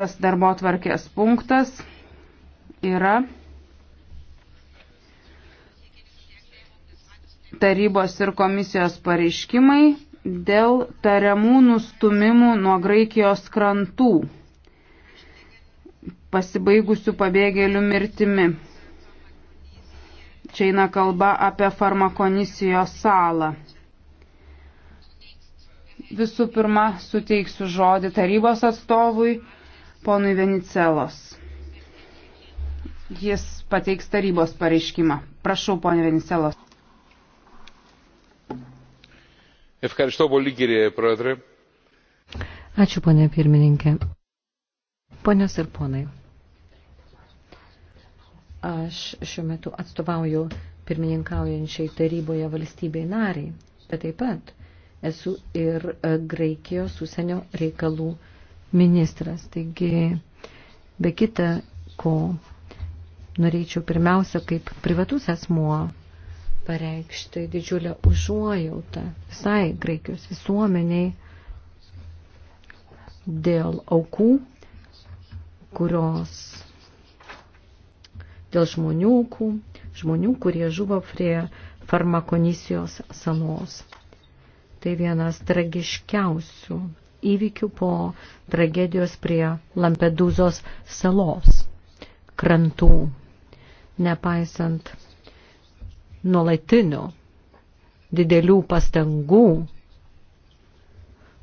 Tas darbo tvarkės punktas yra tarybos ir komisijos pareiškimai dėl tariamų nustumimų nuo Graikijos krantų pasibaigusių pabėgėlių mirtimi. Čia eina kalba apie farmakonisijos salą. Visų pirma, suteiksiu žodį tarybos atstovui ponui Venicelos. Jis pateiks tarybos pareiškimą. Prašau, ponė Venicelos. Ačiū, ponė pirmininkė. Ponios ir ponai, aš šiuo metu atstovauju pirmininkaujančiai taryboje valstybei nariai, bet taip pat esu ir Graikijos užsienio reikalų ministras ministras. Taigi, be kita ko, norėčiau pirmiausia, kaip privatus asmuo pareikšti didžiulę užuojautą visai Graikijos visuomeniai dėl aukų, kurios dėl žmonių aukų, žmonių, kurie žuvo prie farmakonisijos salos. Tai vienas tragiškiausių įvykių po tragedijos prie Lampedūzos salos krantų, nepaisant nuolatinių didelių pastangų,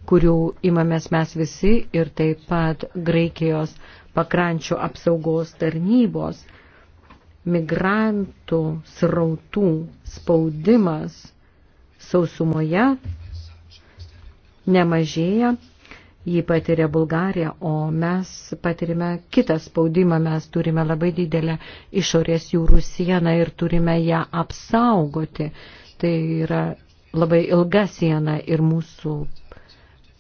kurių imamės mes visi ir taip pat Graikijos pakrančių apsaugos tarnybos, migrantų srautų spaudimas sausumoje nemažėja jį patiria Bulgarija, o mes patirime kitą spaudimą, mes turime labai didelę išorės jūrų sieną ir turime ją apsaugoti. Tai yra labai ilga siena ir mūsų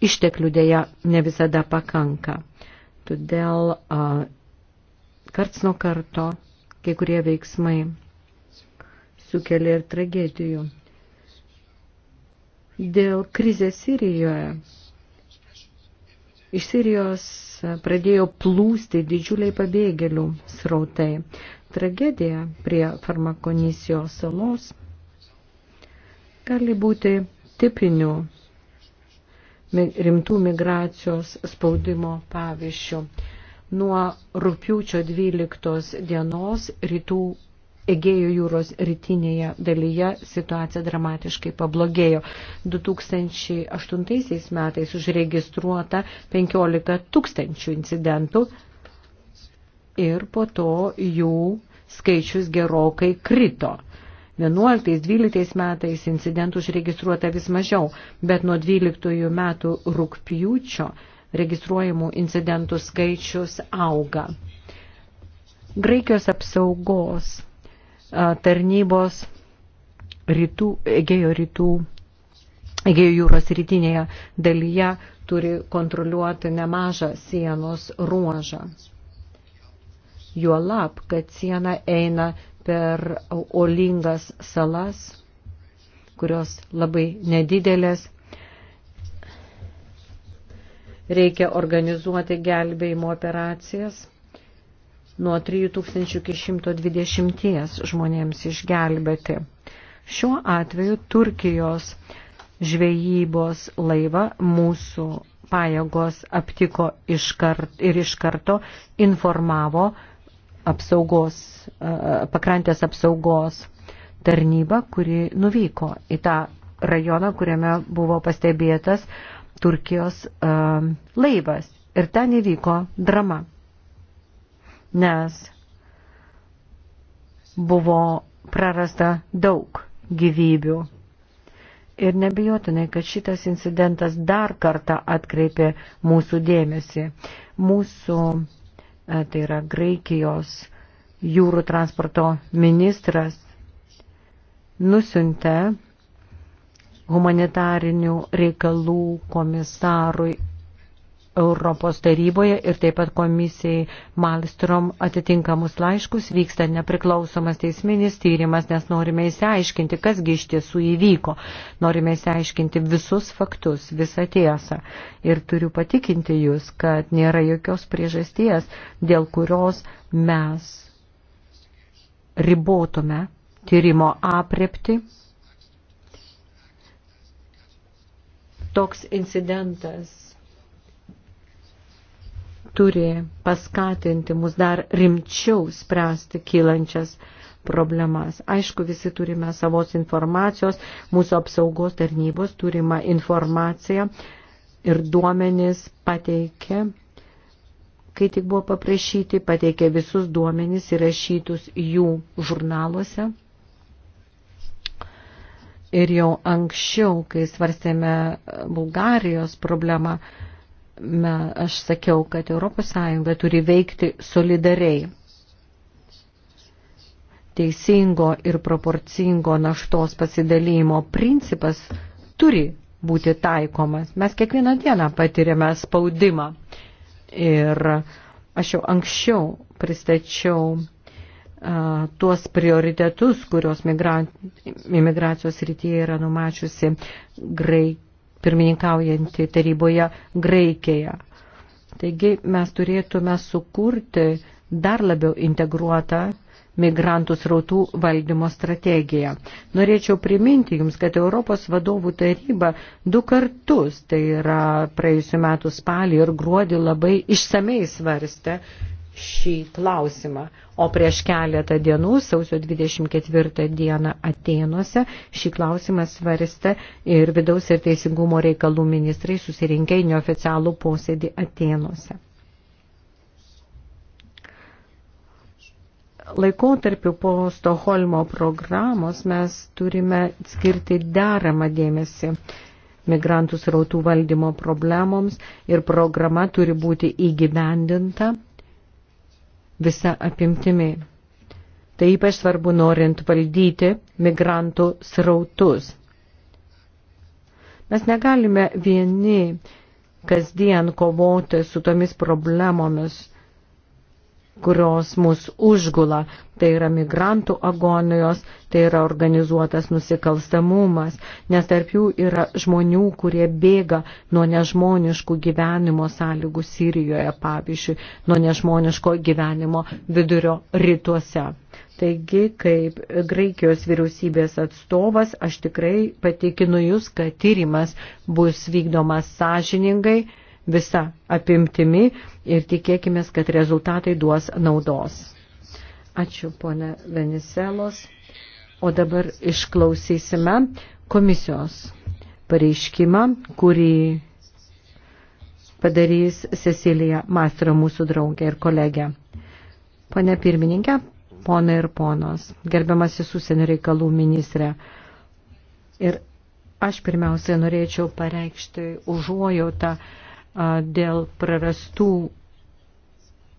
išteklių dėja ne visada pakanka. Todėl a, karts nuo karto kai kurie veiksmai sukelia ir tragedijų. Dėl krizės Sirijoje Iš Sirijos pradėjo plūsti didžiuliai pabėgėlių srautai. Tragedija prie farmakonisijos salos gali būti tipinių rimtų migracijos spaudimo pavyzdžių. Nuo rūpiučio 12 dienos rytų Egėjo jūros rytinėje dalyje situacija dramatiškai pablogėjo. 2008 metais užregistruota 15 tūkstančių incidentų ir po to jų skaičius gerokai krito. 11-12 metais incidentų užregistruota vis mažiau, bet nuo 12 metų rūpjūčio registruojamų incidentų skaičius auga. Graikijos apsaugos tarnybos rytų, Egėjo rytų, Egėjo jūros rytinėje dalyje turi kontroliuoti nemažą sienos ruožą. Juolab, kad siena eina per olingas salas, kurios labai nedidelės. Reikia organizuoti gelbėjimo operacijas nuo 3000 iki 120 žmonėms išgelbėti. Šiuo atveju Turkijos žvejybos laivą mūsų pajėgos aptiko iš kart, ir iš karto informavo apsaugos, pakrantės apsaugos tarnybą, kuri nuvyko į tą rajoną, kuriame buvo pastebėtas Turkijos laivas. Ir ten įvyko drama nes buvo prarasta daug gyvybių. Ir nebijotinai, kad šitas incidentas dar kartą atkreipė mūsų dėmesį. Mūsų, e, tai yra Graikijos jūrų transporto ministras, nusintė humanitarinių reikalų komisarui Europos taryboje ir taip pat komisijai Malstrom atitinkamus laiškus vyksta nepriklausomas teisminis tyrimas, nes norime įsiaiškinti, kasgi iš tiesų įvyko. Norime įsiaiškinti visus faktus, visą tiesą. Ir turiu patikinti Jūs, kad nėra jokios priežasties, dėl kurios mes ribotume tyrimo aprepti. Toks incidentas turi paskatinti mus dar rimčiau spręsti kylančias problemas. Aišku, visi turime savos informacijos, mūsų apsaugos tarnybos turima informacija ir duomenys pateikė, kai tik buvo paprašyti, pateikė visus duomenys įrašytus jų žurnaluose. Ir jau anksčiau, kai svarstėme Bulgarijos problemą, aš sakiau, kad ES turi veikti solidariai teisingo ir proporcingo naštos pasidalymo principas turi būti taikomas. Mes kiekvieną dieną patiriame spaudimą. Ir aš jau anksčiau pristačiau uh, tuos prioritetus, kurios migra... imigracijos rytyje yra numačiusi Graikija pirmininkaujantį taryboje Graikija. Taigi mes turėtume sukurti dar labiau integruotą migrantų srautų valdymo strategiją. Norėčiau priminti Jums, kad Europos vadovų taryba du kartus, tai yra praėjusiu metu spalį ir gruodį, labai išsamei svarstė šį klausimą. O prieš keletą dienų, sausio 24 dieną Atenuose, šį klausimą svarstė ir vidaus ir teisingumo reikalų ministrai susirinkę į neoficialų posėdį Atenuose. Laikotarpiu po Stoholmo programos mes turime skirti deramą dėmesį migrantų srautų valdymo problemoms ir programa turi būti įgyvendinta visa apimtimi. Tai ypač svarbu norint valdyti migrantų srautus. Mes negalime vieni kasdien kovoti su tomis problemomis, kurios mus užgula. Tai yra migrantų agonijos, tai yra organizuotas nusikalstamumas, nes tarp jų yra žmonių, kurie bėga nuo nežmoniškų gyvenimo sąlygų Sirijoje, pavyzdžiui, nuo nežmoniško gyvenimo vidurio rytuose. Taigi, kaip Graikijos vyriausybės atstovas, aš tikrai patikinu Jūs, kad tyrimas bus vykdomas sąžiningai visa apimtimi ir tikėkime, kad rezultatai duos naudos. Ačiū, ponė Veniselos. O dabar išklausysime komisijos pareiškimą, kurį padarys Cecilija Mastra, mūsų draugė ir kolegė. Pane pirmininkė, ponai ir ponos, gerbiamasis užsienio reikalų ministrė. Ir aš pirmiausia norėčiau pareikšti užuojautą dėl prarastų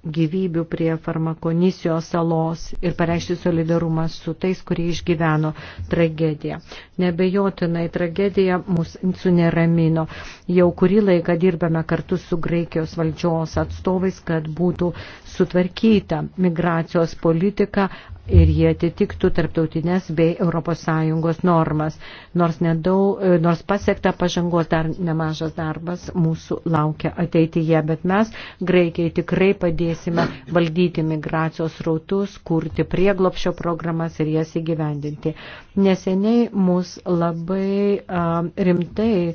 gyvybių prie farmakonisijos salos ir pareišti solidarumą su tais, kurie išgyveno tragediją. Nebejotinai tragedija mūsų suneramino. Jau kurį laiką dirbame kartu su Graikijos valdžios atstovais, kad būtų sutvarkyta migracijos politika ir jie atitiktų tarptautinės bei ES normas. Nors, nedaug, nors pasiekta pažangos dar nemažas darbas mūsų laukia ateityje, bet mes Graikijai tikrai padėsime bandysime valdyti migracijos rautus, kurti prieglopšio programas ir jas įgyvendinti. Neseniai mus labai uh, rimtai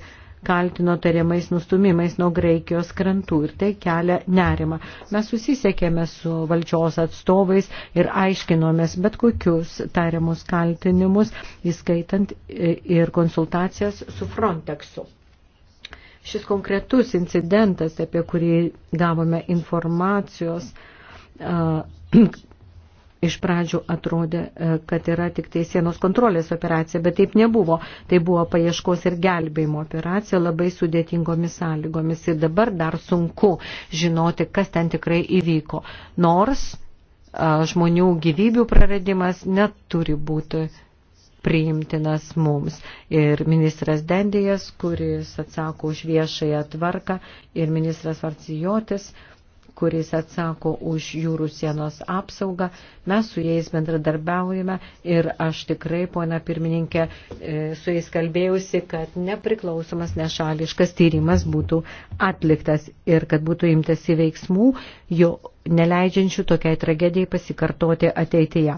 kaltino tariamais nustumimais nuo Graikijos krantų ir tai kelia nerimą. Mes susisiekėme su valdžios atstovais ir aiškinomės bet kokius tariamus kaltinimus, įskaitant e, ir konsultacijas su Frontexu. Šis konkretus incidentas, apie kurį gavome informacijos, iš pradžių atrodė, kad yra tik tai sienos kontrolės operacija, bet taip nebuvo. Tai buvo paieškos ir gelbėjimo operacija labai sudėtingomis sąlygomis ir dabar dar sunku žinoti, kas ten tikrai įvyko. Nors žmonių gyvybių praradimas neturi būti priimtinas mums. Ir ministras Dendijas, kuris atsako už viešąją tvarką, ir ministras Varcijotis, kuris atsako už jūrų sienos apsaugą. Mes su jais bendradarbiaujame ir aš tikrai, pona pirmininkė, e, su jais kalbėjusi, kad nepriklausomas nešališkas tyrimas būtų atliktas ir kad būtų imtasi veiksmų, jo neleidžiančių tokiai tragedijai pasikartoti ateityje.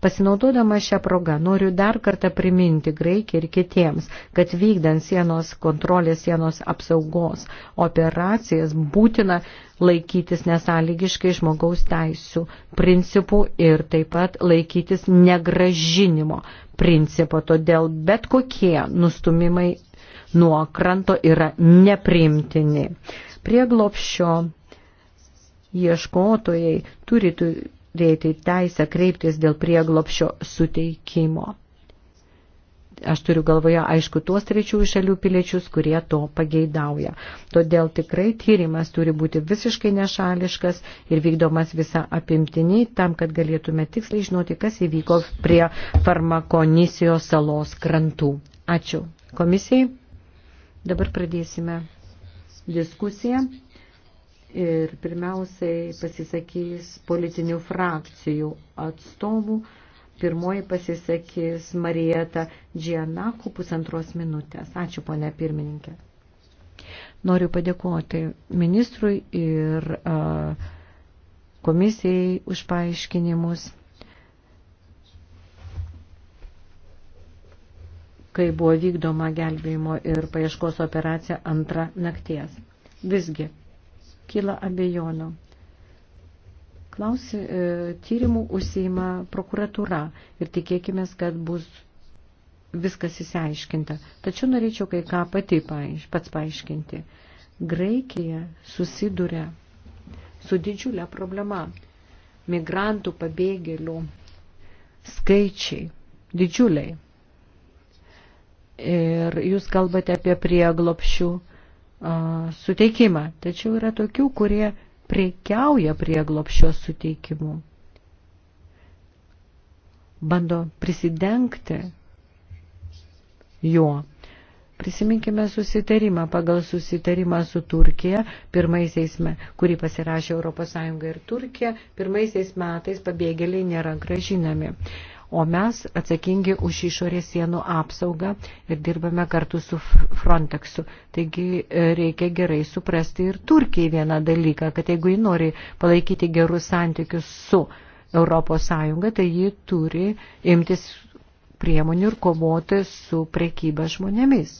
Pasinaudodama šią progą noriu dar kartą priminti Graikiai ir kitiems, kad vykdant sienos kontrolės, sienos apsaugos operacijas būtina laikytis nesąlygiškai žmogaus teisų principų ir taip pat laikytis negražinimo principo. Todėl bet kokie nustumimai nuo kranto yra nepriimtini. Prieglopščio ieškotojai turi turėti teisę kreiptis dėl prieglopšio suteikimo. Aš turiu galvoje, aišku, tuos trečiųjų šalių piliečius, kurie to pageidauja. Todėl tikrai tyrimas turi būti visiškai nešališkas ir vykdomas visa apimtiniai, tam, kad galėtume tiksliai žinoti, kas įvyko prie farmakonisijos salos krantų. Ačiū komisijai. Dabar pradėsime diskusiją ir pirmiausiai pasisakys politinių frakcijų atstovų. Pirmoji pasisakys Marieta Džianaku pusantros minutės. Ačiū, ponė pirmininkė. Noriu padėkoti ministrui ir uh, komisijai už paaiškinimus. kai buvo vykdoma gelbėjimo ir paieškos operacija antrą nakties. Visgi, kyla abejonių. Klausi, e, tyrimų užsieima prokuratūra ir tikėkime, kad bus viskas įsiaiškinta. Tačiau norėčiau kai ką pati paaiš, pats paaiškinti. Graikija susiduria su didžiulė problema. Migrantų pabėgėlių skaičiai didžiuliai. Ir jūs kalbate apie prieglopšių suteikimą. Tačiau yra tokių, kurie priekiauja prieglopščio suteikimu. Bando prisidengti juo. Prisiminkime susitarimą pagal susitarimą su Turkija, pirmaisiais, kurį pasirašė ES ir Turkija, pirmaisiais metais pabėgėliai nėra gražinami o mes atsakingi už išorės sienų apsaugą ir dirbame kartu su Frontexu. Taigi e, reikia gerai suprasti ir Turkijai vieną dalyką, kad jeigu ji nori palaikyti gerus santykius su Europos Sąjunga, tai ji turi imtis priemonių ir kovoti su prekyba žmonėmis,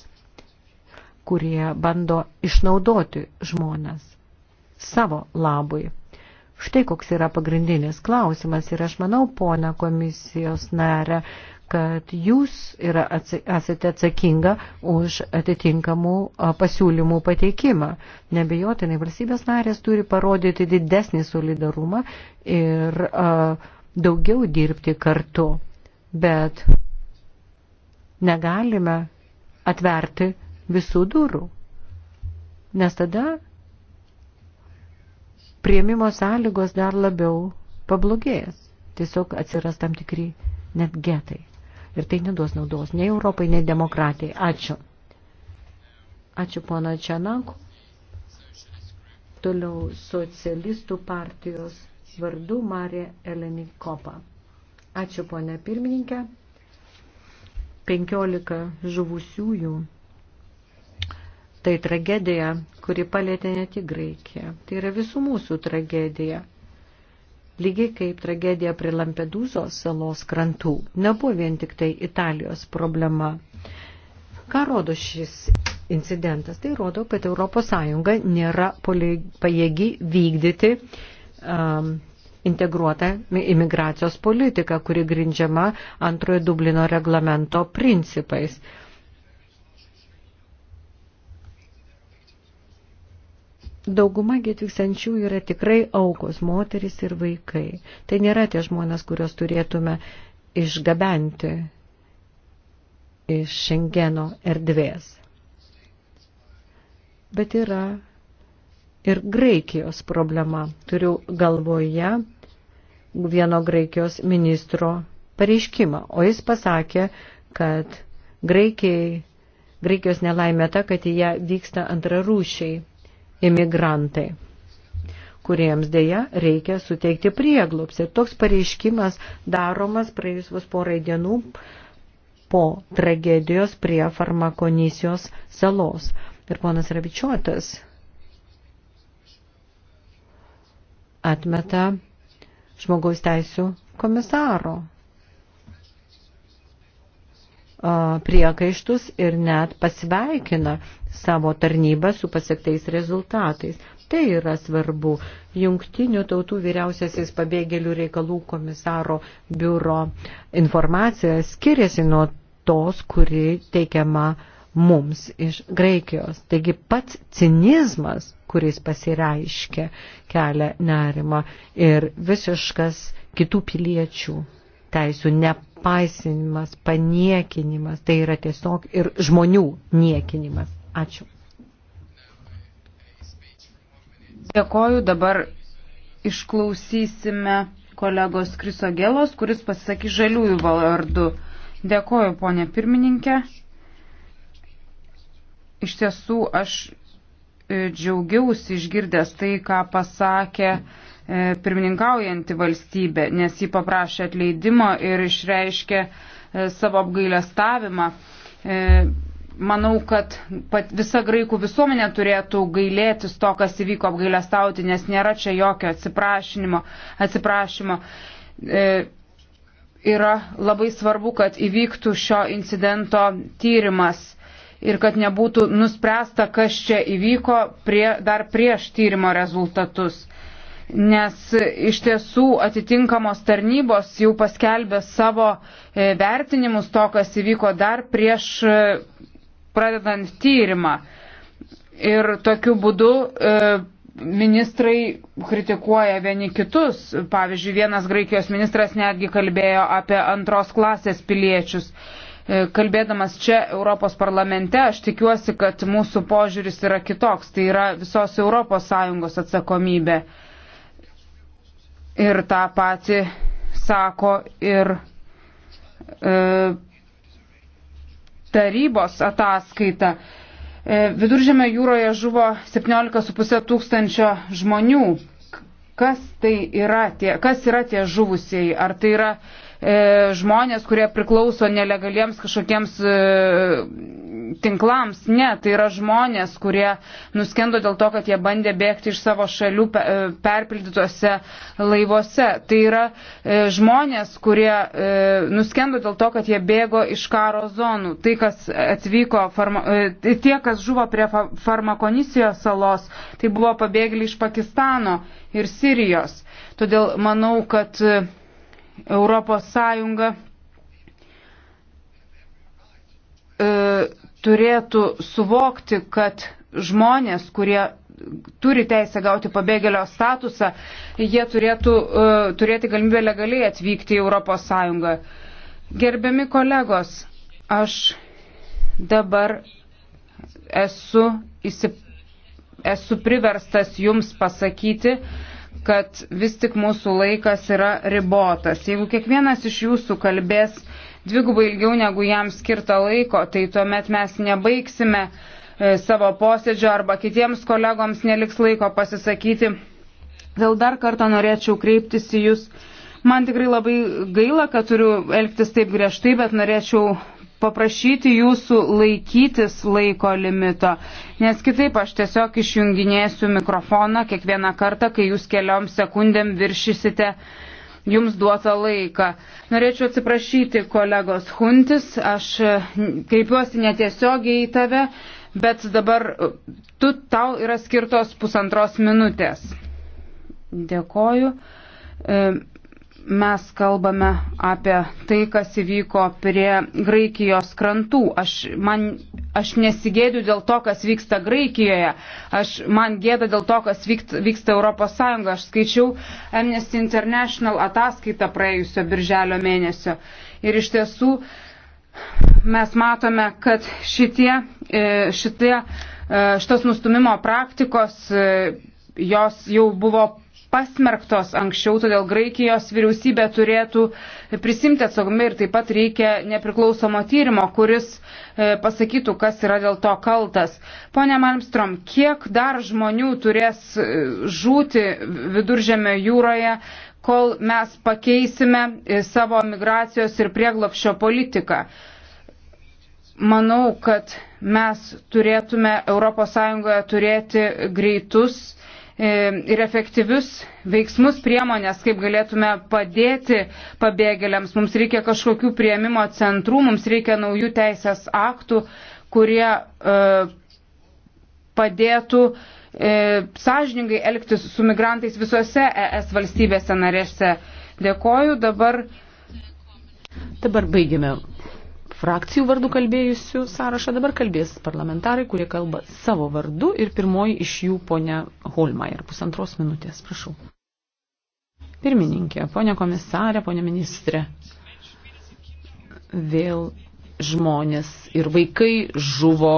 kurie bando išnaudoti žmonas savo labui. Štai koks yra pagrindinis klausimas ir aš manau, pona komisijos narė, kad jūs yra, esate atsakinga už atitinkamų pasiūlymų pateikimą. Nebejotinai valstybės narės turi parodyti didesnį solidarumą ir a, daugiau dirbti kartu. Bet negalime atverti visų durų, nes tada prieimimo sąlygos dar labiau pablogės. Tiesiog atsiras tam tikri net getai. Ir tai neduos naudos nei Europai, nei demokratijai. Ačiū. Ačiū pono Čianaku. Toliau socialistų partijos vardu Marė Eleni Kopa. Ačiū ponė pirmininkė. 15 žuvusiųjų Tai tragedija, kuri palėtė ne tik Graikiją. Tai yra visų mūsų tragedija. Lygiai kaip tragedija prie Lampedūzo salos krantų. Nebuvo vien tik tai Italijos problema. Ką rodo šis incidentas? Tai rodo, kad ES nėra pajėgi vykdyti um, integruota imigracijos politika, kuri grindžiama antrojo Dublino reglamento principais. Dauguma atvykstančių yra tikrai aukos, moteris ir vaikai. Tai nėra tie žmonės, kuriuos turėtume išgabenti iš Šengeno erdvės. Bet yra ir Graikijos problema. Turiu galvoje vieno Graikijos ministro pareiškimą, o jis pasakė, kad Graikijai, Graikijos nelaimė ta, kad į ją vyksta antrarūšiai imigrantai kuriems dėja reikia suteikti prieglobsį. Ir toks pareiškimas daromas praėjus vos porai dienų po tragedijos prie farmakonisijos salos. Ir ponas Ravičiotas atmeta žmogaus teisų komisaro priekaištus ir net pasveikina savo tarnybą su pasiektais rezultatais. Tai yra svarbu. Jungtinių tautų vyriausiasis pabėgėlių reikalų komisaro biuro informacija skiriasi nuo tos, kuri teikiama mums iš Graikijos. Taigi pats cinizmas, kuris pasireiškia, kelia nerimą ir visiškas kitų piliečių teisų nepaisinimas, paniekinimas, tai yra tiesiog ir žmonių niekinimas. Ačiū. Dėkoju, dabar išklausysime kolegos Krisogelos, kuris pasisakys žaliųjų vardu. Dėkoju, ponė pirmininkė. Iš tiesų, aš e, džiaugiausi išgirdęs tai, ką pasakė. Mm E, pirmininkaujanti valstybė, nes ji paprašė atleidimo ir išreiškė e, savo apgailestavimą. E, manau, kad visa graikų visuomenė turėtų gailėtis to, kas įvyko apgailestauti, nes nėra čia jokio atsiprašymo. atsiprašymo yra labai svarbu, kad įvyktų šio incidento tyrimas ir kad nebūtų nuspręsta, kas čia įvyko prie, dar prieš tyrimo rezultatus nes iš tiesų atitinkamos tarnybos jau paskelbė savo e, vertinimus to, kas įvyko dar prieš e, pradedant tyrimą. Ir tokiu būdu e, ministrai kritikuoja vieni kitus. Pavyzdžiui, vienas Graikijos ministras netgi kalbėjo apie antros klasės piliečius. Kalbėdamas čia Europos parlamente, aš tikiuosi, kad mūsų požiūris yra kitoks. Tai yra visos Europos Sąjungos atsakomybė. Ir tą patį sako ir e, tarybos ataskaita. E, Viduržėme jūroje žuvo 17,5 tūkstančio žmonių. Kas, tai yra tie, kas yra tie žuvusieji? Ar tai yra e, žmonės, kurie priklauso nelegaliems kažkokiems e, tinklams. Ne, tai yra žmonės, kurie nuskendo dėl to, kad jie bandė bėgti iš savo šalių e, perpildytuose laivuose. Tai yra e, žmonės, kurie e, nuskendo dėl to, kad jie bėgo iš karo zonų. Tai, kas atvyko, farma, tai tie, kas žuvo prie farmakonisijos salos, tai buvo pabėgėliai iš Pakistano ir Sirijos. Todėl manau, kad Europos Sąjunga turėtų suvokti, kad žmonės, kurie turi teisę gauti pabėgėlio statusą, jie turėtų uh, turėti galimybę legaliai atvykti į ES. Gerbiami kolegos, aš dabar esu, įsip, esu priverstas jums pasakyti, kad vis tik mūsų laikas yra ribotas. Jeigu kiekvienas iš jūsų kalbės dvigubai ilgiau negu jam skirta laiko, tai tuomet mes nebaigsime e, savo posėdžio arba kitiems kolegoms neliks laiko pasisakyti. Dėl dar kartą norėčiau kreiptis į Jūs. Man tikrai labai gaila, kad turiu elgtis taip griežtai, bet norėčiau paprašyti jūsų laikytis laiko limito, nes kitaip aš tiesiog išjunginėsiu mikrofoną kiekvieną kartą, kai jūs keliom sekundėm viršysite uh, jums duotą laiką. Norėčiau atsiprašyti kolegos Huntis, aš e, kreipiuosi netiesiogiai į tave, bet dabar e, tu tau yra skirtos pusantros minutės. Dėkoju. E, mes kalbame apie tai, kas įvyko prie Graikijos krantų. Aš, man, aš nesigėdiu dėl to, kas vyksta Graikijoje. Aš, man gėda dėl to, kas vyksta, vyksta Europos Sąjunga. Aš skaičiau Amnesty International ataskaitą praėjusio birželio mėnesio. Ir iš tiesų mes matome, kad šitie, e, šitie, e, šitos nustumimo praktikos e, jos jau buvo pasmerktos anksčiau, todėl Graikijos vyriausybė turėtų prisimti atsakomybę ir taip pat reikia nepriklausomo tyrimo, kuris e, pasakytų, kas yra dėl to kaltas. Pone Malmstrom, kiek dar žmonių turės e, žūti viduržėme jūroje, kol mes pakeisime e, savo migracijos ir prieglopšio politiką? Manau, kad mes turėtume ES turėti greitus E, ir efektyvius veiksmus priemonės, kaip galėtume padėti pabėgėliams. Mums reikia kažkokių prieimimo centrų, mums reikia naujų teisės aktų, kurie e, padėtų e, sąžiningai elgtis su migrantais visose ES valstybėse narėse. Dėkoju dabar. Dabar baigime frakcijų vardų kalbėjusių sąrašą. Dabar kalbės parlamentarai, kurie kalba savo vardu ir pirmoji iš jų ponia Holmeier. Pusantros minutės, prašau. Pirmininkė, ponia komisarė, ponia ministrė. Vėl žmonės ir vaikai žuvo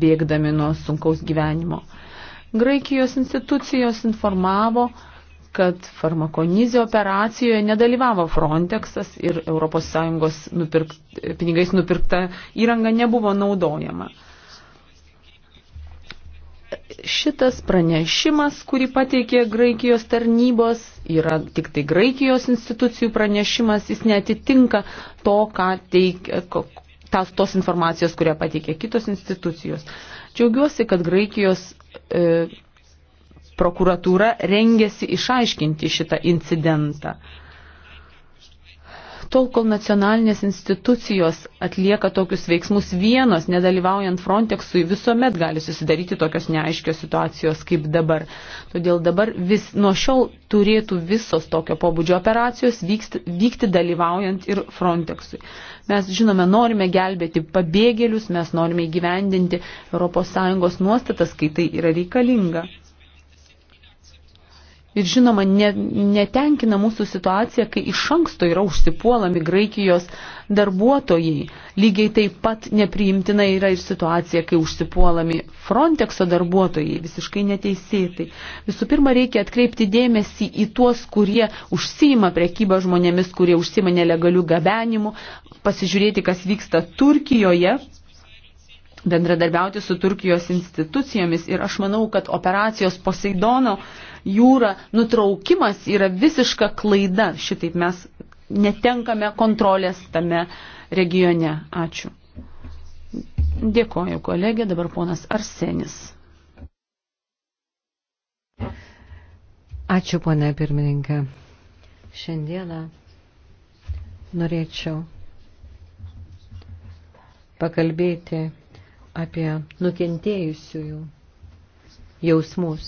bėgdami nuo sunkaus gyvenimo. Graikijos institucijos informavo, kad farmakonizė operacijoje nedalyvavo Frontexas ir ES nupirkt, pinigais nupirkta įranga nebuvo naudojama. Šitas pranešimas, kurį pateikė Graikijos tarnybos, yra tik tai Graikijos institucijų pranešimas, jis netitinka to, ką teikia, tas, tos informacijos, kurią pateikė kitos institucijos. Džiaugiuosi, kad Graikijos e, prokuratūra rengėsi išaiškinti šitą incidentą. Tol, kol nacionalinės institucijos atlieka tokius veiksmus vienos, nedalyvaujant Frontexui, visuomet gali susidaryti tokios neaiškios situacijos kaip dabar. Todėl dabar vis, nuo šiol turėtų visos tokio pobūdžio operacijos vykti, vykti dalyvaujant ir Frontexui. Mes, žinome, norime gelbėti pabėgėlius, mes norime įgyvendinti ES nuostatas, kai tai yra reikalinga. Ir žinoma, ne, netenkina mūsų situacija, kai iš anksto yra užsipuolami Graikijos darbuotojai. Lygiai taip pat nepriimtina yra ir situacija, kai užsipuolami Frontexo darbuotojai visiškai neteisėtai. Visų pirma, reikia atkreipti dėmesį į tuos, kurie užsima prekybą žmonėmis, kurie užsima nelegalių gabenimu, pasižiūrėti, kas vyksta Turkijoje, bendradarbiauti su Turkijos institucijomis ir aš manau, kad operacijos Poseidono jūra nutraukimas yra visiška klaida. Šitaip mes netenkame kontrolės tame regione. Ačiū. Dėkoju, kolegė. Dabar ponas Arsenis. Ačiū, ponė pirmininkė. Šiandieną norėčiau pakalbėti apie nukentėjusiųjų jausmus.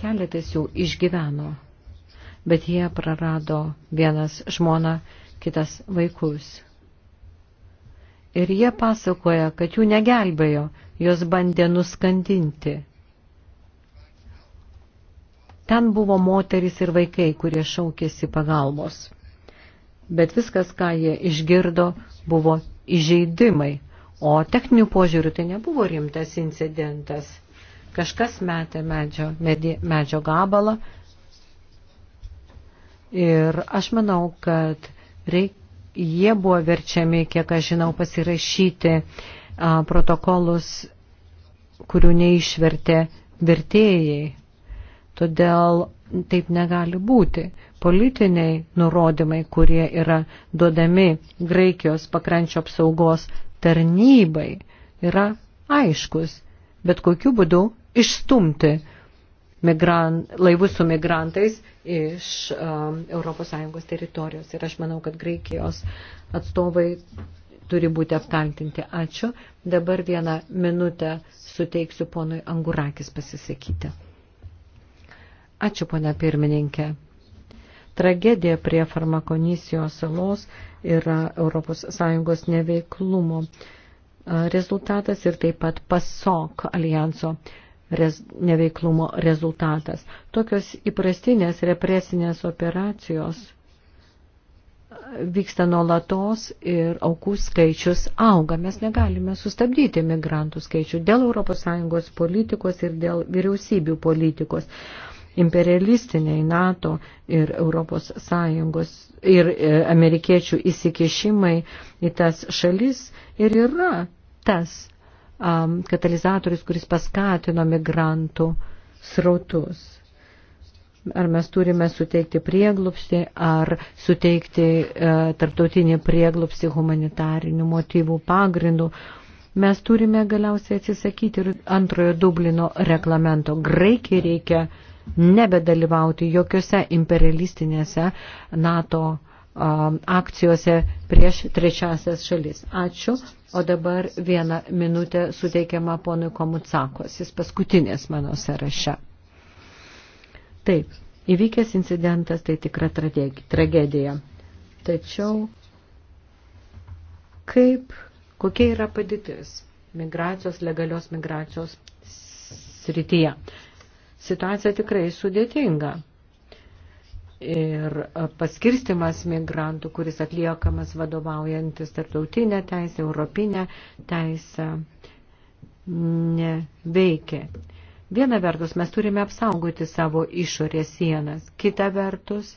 Keletas jų išgyveno, bet jie prarado vienas žmoną, kitas vaikus. Ir jie pasakoja, kad jų negelbėjo, jos bandė nuskandinti. Ten buvo moteris ir vaikai, kurie šaukėsi pagalbos. Bet viskas, ką jie išgirdo, buvo įžeidimai O techninių požiūrių tai nebuvo rimtas incidentas. Kažkas metė medžio, medė, medžio gabalą. Ir aš manau, kad reik, jie buvo verčiami, kiek aš žinau, pasirašyti a, protokolus, kurių neišvertė vertėjai. Todėl taip negali būti. Politiniai nurodymai, kurie yra duodami Graikijos pakrančio apsaugos tarnybai yra aiškus, bet kokiu būdu išstumti migran, laivus su migrantais iš um, ES teritorijos. Ir aš manau, kad Graikijos atstovai turi būti apkaltinti. Ačiū. Dabar vieną minutę suteiksiu ponui Angurakis pasisakyti. Ačiū, ponia pirmininkė. Tragedija prie farmakonysijos salos yra ES neveiklumo rezultatas ir taip pat PASOK alijanso rez, neveiklumo rezultatas. Tokios įprastinės represinės operacijos vyksta nuolatos ir aukų skaičius auga. Mes negalime sustabdyti migrantų skaičių dėl ES politikos ir dėl vyriausybių politikos imperialistiniai NATO ir Europos Sąjungos ir e, amerikiečių įsikešimai į tas šalis ir yra tas um, katalizatorius, kuris paskatino migrantų srautus. Ar mes turime suteikti prieglupstį, ar suteikti uh, tarptautinį prieglupstį humanitarinių motyvų pagrindų, mes turime galiausiai atsisakyti ir antrojo Dublino reglamento. Graikiai reikia uh, nebedalyvauti jokiuose imperialistinėse NATO akcijose prieš trečiasias šalis. Ačiū. O dabar vieną minutę suteikiama ponui Komutsakos. Jis paskutinės mano sąraše. Taip, įvykęs incidentas tai tikra tragedija. Tačiau kaip, kokia yra padėtis migracijos, legalios migracijos srityje? situacija tikrai sudėtinga. Ir e, paskirstimas migrantų, kuris atliekamas vadovaujantis tarptautinę teisę, europinę teisę, neveikia. Viena vertus, mes turime apsaugoti savo išorės sienas, kita vertus,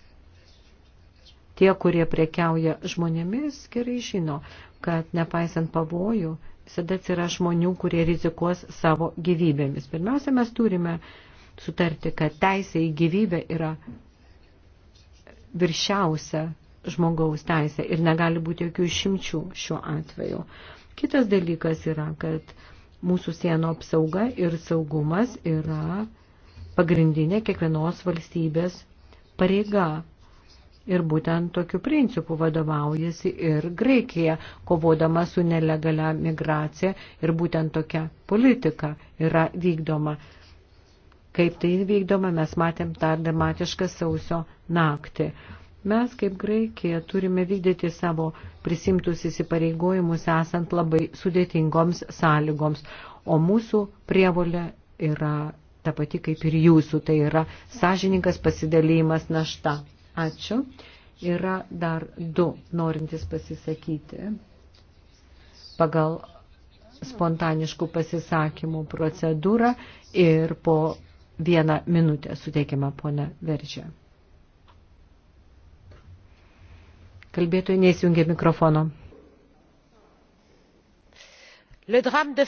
tie, kurie prekiauja žmonėmis, gerai žino, kad nepaisant pavojų, visada atsira žmonių, kurie rizikuos savo gyvybėmis. Pirmiausia, mes turime uh, sutarti, kad teisė į gyvybę yra viršiausia žmogaus teisė ir negali būti jokių išimčių šiuo atveju. Kitas dalykas yra, kad mūsų sienų apsauga ir saugumas yra pagrindinė kiekvienos valstybės pareiga. Ir būtent tokiu principu vadovaujasi ir Graikija, kovodama su nelegalia migracija ir būtent tokia politika yra vykdoma. Kaip tai vykdoma, mes matėm tą dramatišką sausio naktį. Mes kaip Graikija turime vykdyti savo prisimtus įsipareigojimus esant labai sudėtingoms sąlygoms, o mūsų prievolė yra ta pati kaip ir jūsų, tai yra sąžininkas pasidalymas našta. Ačiū. Yra dar du norintys pasisakyti pagal spontaniškų pasisakymų procedūrą ir po vieną minutę suteikiama ponia Veržė. Kalbėtojai neįsijungia mikrofono. Le drame de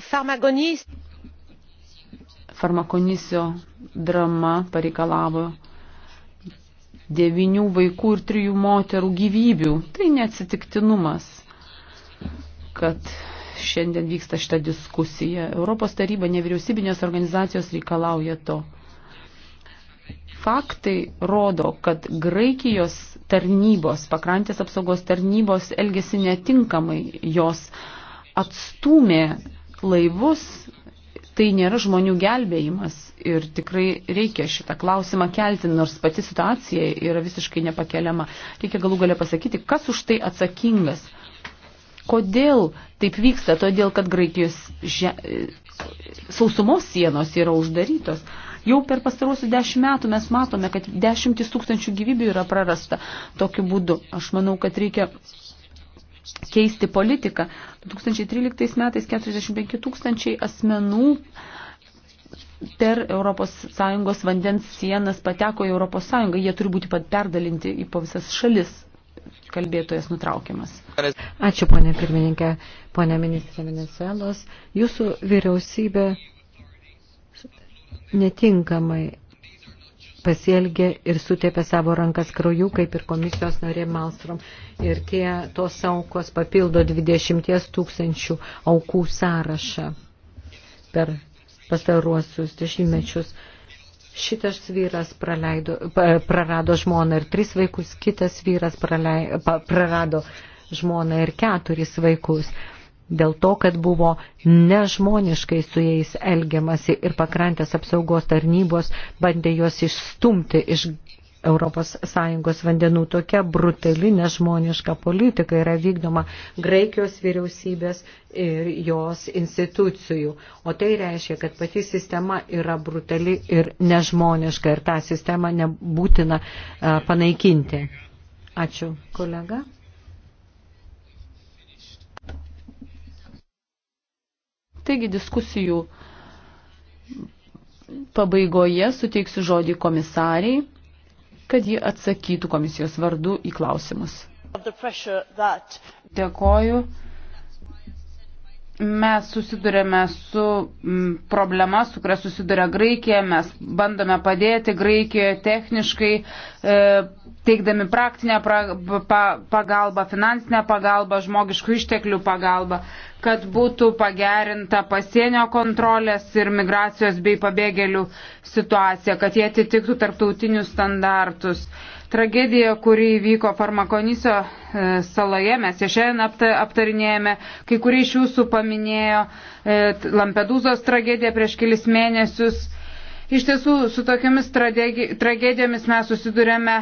Farmagonis. Farmakonisio drama pareikalavo devinių vaikų ir trijų moterų gyvybių. Tai neatsitiktinumas, kad šiandien vyksta šitą diskusiją. Europos taryba nevyriausybinės organizacijos reikalauja to. Faktai rodo, kad Graikijos tarnybos, pakrantės apsaugos tarnybos elgesi netinkamai, jos atstumė laivus, tai nėra žmonių gelbėjimas ir tikrai reikia šitą klausimą kelti, nors pati situacija yra visiškai nepakeliama. Reikia galų galę pasakyti, kas už tai atsakingas Kodėl taip vyksta? Todėl, kad Graikijos že... sausumos sienos yra uždarytos. Jau per pastarosius dešimt metų mes matome, kad dešimtis tūkstančių gyvybių yra prarasta tokiu būdu. Aš manau, kad reikia keisti politiką. 2013 metais 45 tūkstančiai asmenų per ES vandens sienas pateko į ES. Jie turi būti perdalinti į po visas šalis kalbėtojas nutraukiamas. Ačiū, ponė pirmininkė, ponė ministrė Venezuelos. Jūsų vyriausybė netinkamai pasielgė ir sutėpė savo rankas krauju, kaip ir komisijos narė Malstrom. Ir tie tos aukos papildo 20 tūkstančių aukų sąrašą per pastaruosius dešimtmečius. Tai Šitas vyras praleido, prarado žmoną ir tris vaikus, kitas vyras pralei, prarado žmoną ir keturis vaikus dėl to, kad buvo nežmoniškai su jais elgiamasi ir pakrantės apsaugos tarnybos bandė juos išstumti iš ES vandenų. Tokia brutali nežmoniška politika yra vykdoma Graikijos vyriausybės ir jos institucijų. O tai reiškia, kad pati sistema yra brutali ir nežmoniška ir tą sistemą nebūtina panaikinti. Ačiū, kolega. Taigi diskusijų pabaigoje suteiksiu žodį komisariai kad ji atsakytų komisijos vardu į klausimus. Dėkoju mes susidurėme su problema, su kuria susiduria Graikija, mes bandome padėti Graikijoje techniškai, e, teikdami praktinę pagalbą, finansinę pagalbą, žmogiškų išteklių pagalbą, kad būtų pagerinta pasienio kontrolės ir migracijos bei pabėgėlių situacija, kad jie atitiktų tarptautinius standartus tragediją, kuri vyko Farmakoniso e, saloje. Mes ją šiandien aptarinėjame. Kai kurie iš jūsų paminėjo e, Lampedūzos tragediją prieš kelis mėnesius. Iš tiesų, su tokiamis tragedijomis mes susidurėme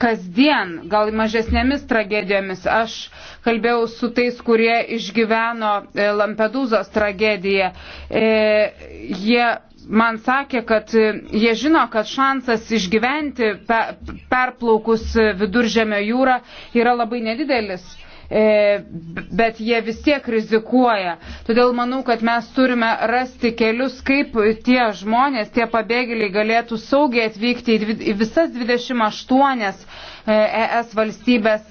kasdien, gal mažesnėmis tragedijomis. Aš kalbėjau su tais, kurie išgyveno e, Lampedūzos tragediją. E, jie man sakė, kad jie žino, kad šansas išgyventi pe, perplaukus viduržėmio jūrą yra labai nedidelis. E, bet jie vis tiek rizikuoja. Todėl manau, kad mes turime rasti kelius, kaip tie žmonės, tie pabėgėliai galėtų saugiai atvykti į visas 28 ES e valstybės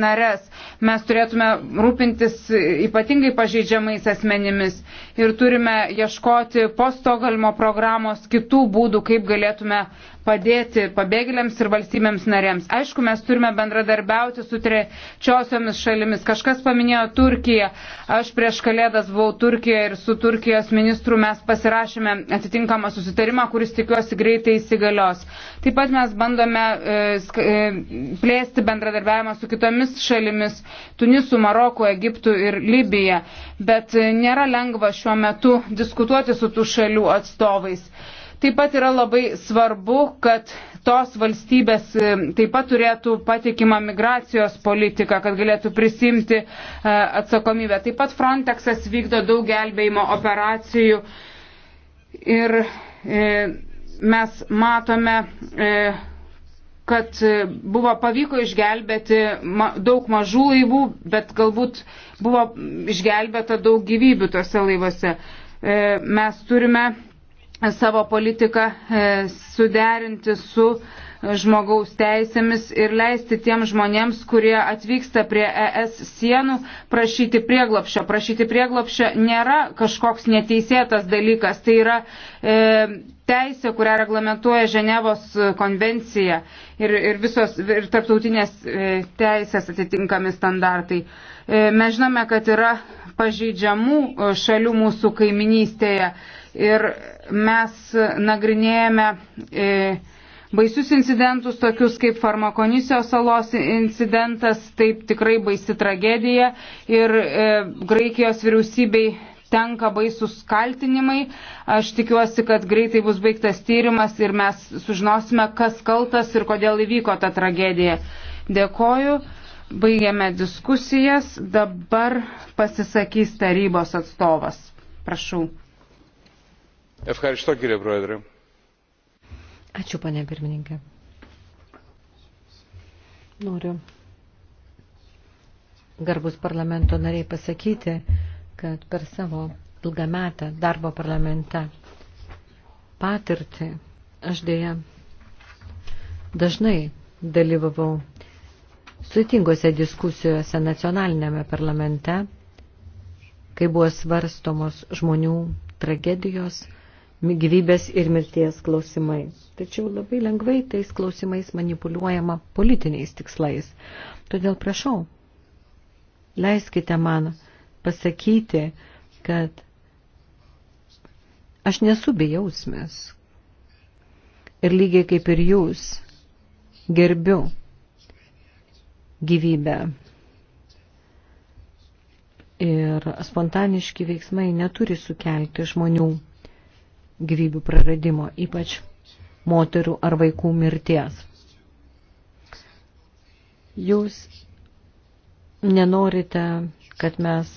nares. Mes turėtume rūpintis ypatingai pažeidžiamais asmenimis ir turime ieškoti postogalmo programos kitų būdų, kaip galėtume padėti pabėgėliams ir valstybėms narėms. Aišku, mes turime bendradarbiauti su trečiosiomis šalimis. Kažkas paminėjo Turkiją. Aš prieš kalėdas buvau Turkijoje ir su Turkijos ministru mes pasirašėme atitinkamą susitarimą, kuris tikiuosi greitai įsigalios. Taip pat mes bandome e, e, plėsti bendradarbiavimą su kitomis šalimis - Tunisu, Maroku, Egiptu ir Libija. Bet e, nėra lengva šiuo metu diskutuoti su tų šalių atstovais. Taip pat yra labai svarbu, kad tos valstybės e, taip pat turėtų patikimą migracijos politiką, kad galėtų prisimti e, atsakomybę. Taip pat Frontexas vykdo daug gelbėjimo operacijų ir e, mes matome, kad buvo pavyko išgelbėti daug mažų laivų, bet galbūt buvo išgelbėta daug gyvybių tose laivuose. Mes turime savo politiką e, suderinti su žmogaus teisėmis ir leisti tiem žmonėms, kurie atvyksta prie ES sienų, prašyti prieglopšio. Prašyti prieglopšio nėra kažkoks neteisėtas dalykas, tai yra e, teisė, kurią reglamentuoja Ženevos konvencija ir, ir visos ir tarptautinės e, teisės atitinkami standartai. E, mes žinome, kad yra pažeidžiamų e, šalių mūsų kaiminystėje. E, ir mes nagrinėjame e, baisius incidentus, tokius kaip Farmakonisio salos incidentas, taip tikrai baisi tragedija ir e, Graikijos vyriausybei tenka baisus kaltinimai. Aš tikiuosi, kad greitai bus baigtas tyrimas ir mes sužinosime, kas kaltas ir kodėl įvyko ta tragedija. Dėkoju. Baigiame diskusijas. Dabar pasisakys tarybos atstovas. Prašau. Ačiū, panė pirmininkė. Noriu garbus parlamento nariai pasakyti, kad per savo ilgametę darbo parlamente patirtį aš dėja dažnai dalyvavau sudėtingose diskusijose nacionalinėme parlamente, kai buvo svarstomos žmonių tragedijos, gyvybės ir mirties klausimai. Tačiau labai lengvai tais klausimais manipuliuojama politiniais tikslais. Todėl prašau, leiskite man pasakyti, kad aš nesu bejausmės. Ir lygiai kaip ir jūs, gerbiu gyvybę. Ir spontaniški veiksmai neturi sukelti žmonių gyvybių praradimo, ypač moterų ar vaikų mirties. Jūs nenorite, kad mes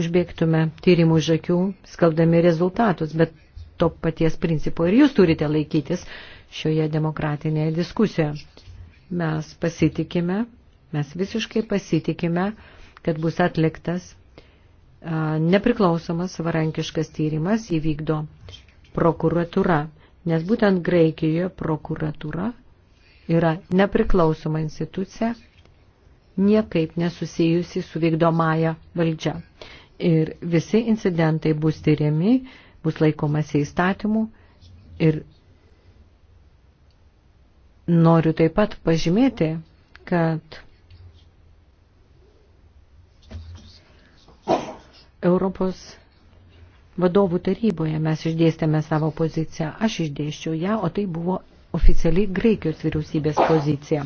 užbėgtume tyrimų žakių, skaldami rezultatus, bet to paties principo ir jūs turite laikytis šioje demokratinėje diskusijoje. Mes pasitikime, mes visiškai pasitikime, kad bus atliktas nepriklausomas savarankiškas tyrimas įvykdo prokuratūra, nes būtent Graikijoje prokuratūra yra nepriklausoma institucija, niekaip nesusijusi su vykdomąją valdžia. Ir visi incidentai bus tyriami, bus laikomasi įstatymų ir noriu taip pat pažymėti, kad Europos vadovų taryboje mes išdėstėme savo poziciją. Aš išdėščiau ją, o tai buvo oficialiai Graikijos vyriausybės pozicija.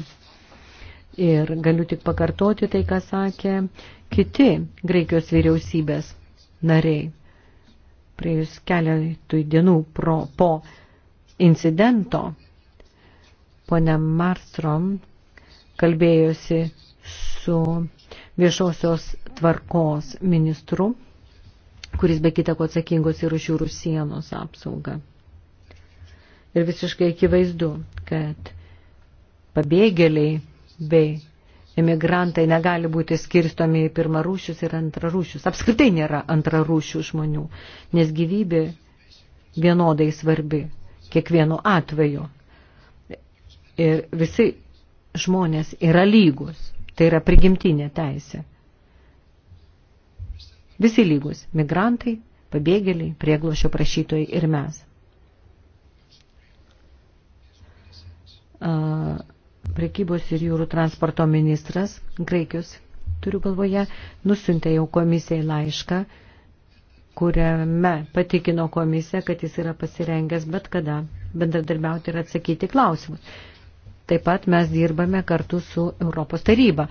Ir galiu tik pakartoti tai, ką sakė kiti Graikijos vyriausybės nariai. Praėjus keletų dienų pro, po incidento, ponė Marstrom kalbėjosi su viešosios tvarkos ministru kuris be kitako atsakingos ir už jūrų sienos apsaugą. Ir visiškai akivaizdu, kad pabėgėliai bei emigrantai negali būti skirstomi į pirmarūšius ir antrarūšius. Apskritai nėra antrarūšių žmonių, nes gyvybė vienodai svarbi kiekvienu atveju. Ir visi žmonės yra lygus. Tai yra prigimtinė teisė. Visi lygus – migrantai, pabėgėliai, prieglošio prašytojai ir mes. Prekybos ir jūrų transporto ministras Graikius, turiu galvoje, nusintė jau komisijai laišką, kuriame patikino komisiją, kad jis yra pasirengęs bet kada bendradarbiauti ir atsakyti klausimus. Taip pat mes dirbame kartu su Europos taryba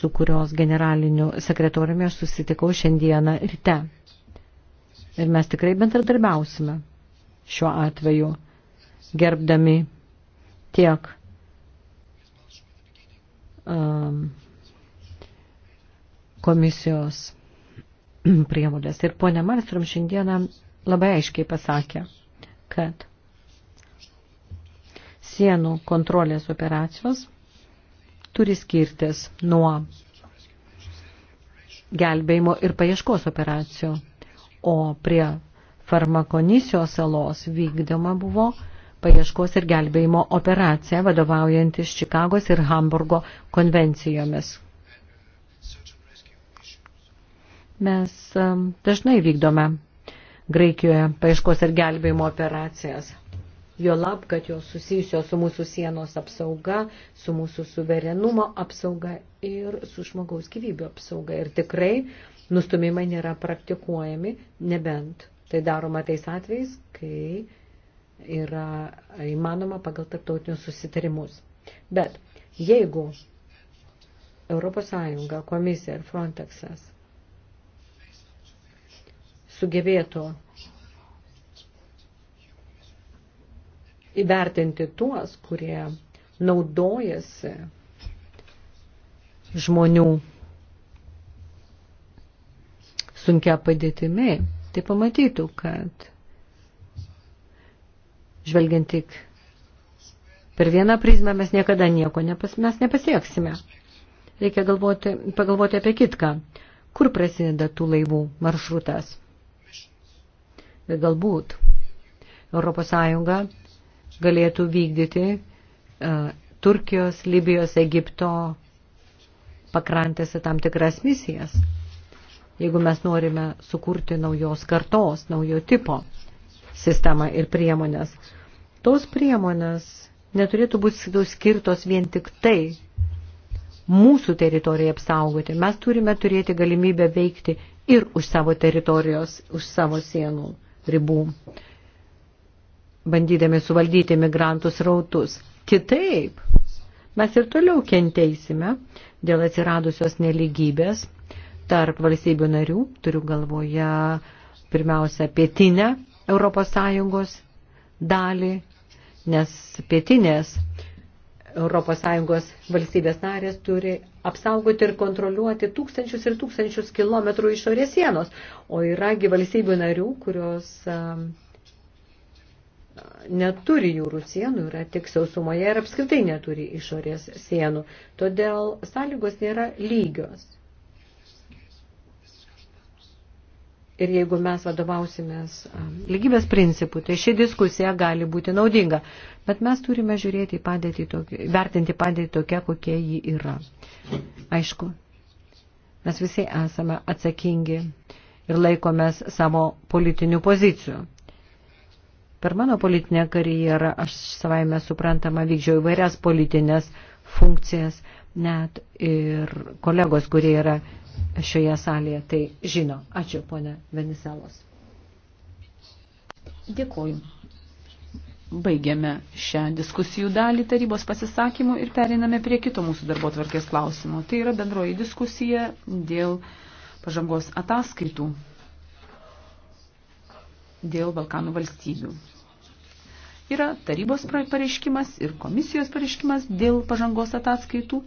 su kurios generaliniu sekretoriumi aš susitikau šiandieną ryte. Ir mes tikrai bendradarbiausime šiuo atveju, gerbdami tiek um, komisijos priemonės. Ir ponė Marstrom šiandieną labai aiškiai pasakė, kad sienų kontrolės operacijos turi skirtis nuo gelbėjimo ir paieškos operacijų, o prie farmakonisijos salos vykdoma buvo paieškos ir gelbėjimo operacija, vadovaujantis Čikagos ir Hamburgo konvencijomis. Mes um, dažnai vykdome Graikijoje paieškos ir gelbėjimo operacijas jo lab, kad jos susijusios su mūsų sienos apsauga, su mūsų suverenumo apsauga ir su žmogaus gyvybių apsauga. Ir tikrai nustumimai nėra praktikuojami, nebent tai daroma tais atvejais, kai yra įmanoma pagal tarptautinius susitarimus. Bet jeigu ES, komisija ir Frontexas sugebėtų įvertinti tuos, kurie naudojasi žmonių sunkia padėtimi, tai pamatytų, kad žvelgiant tik per vieną prizmę mes niekada nieko nepas, mes nepasieksime. Reikia galvoti, pagalvoti apie kitką, kur prasideda tų laivų maršrutas. Bet galbūt Europos Sąjunga galėtų vykdyti e, Turkijos, Libijos, Egipto pakrantėse tam tikras misijas, jeigu mes norime sukurti naujos kartos, naujo tipo sistemą ir priemonės. Tos priemonės neturėtų būti skirtos vien tik tai mūsų teritorijai apsaugoti. Mes turime turėti galimybę veikti ir už savo teritorijos, už savo sienų ribų bandydami suvaldyti migrantus rautus. Kitaip, mes ir toliau kenteisime dėl atsiradusios neligybės tarp valstybių narių, turiu galvoje pirmiausia pietinę Europos Sąjungos dalį, nes pietinės Europos Sąjungos valstybės narės turi apsaugoti ir kontroliuoti tūkstančius ir tūkstančius kilometrų išorės sienos, o yragi valstybių narių, kurios um, neturi jūrų sienų, yra tik sausumoje ir apskritai neturi išorės sienų. Todėl sąlygos nėra lygios. Ir jeigu mes vadovausimės lygybės principų, tai ši diskusija gali būti naudinga. Bet mes turime žiūrėti padėtį, vertinti padėtį tokia, kokia ji yra. Aišku, mes visi esame atsakingi ir laikomės savo politinių pozicijų. Per mano politinę karjerą aš savaime suprantama vykdžiau įvairias politinės funkcijas, net ir kolegos, kurie yra šioje salėje, tai žino. Ačiū, ponė Veniselos. Dėkuoju. Baigiame šią diskusijų dalį tarybos pasisakymų ir pereiname prie kito mūsų darbo tvarkės klausimo. Tai yra bendroji diskusija dėl pažangos ataskaitų dėl Balkanų valstybių. Yra tarybos pareiškimas ir komisijos pareiškimas dėl pažangos ataskaitų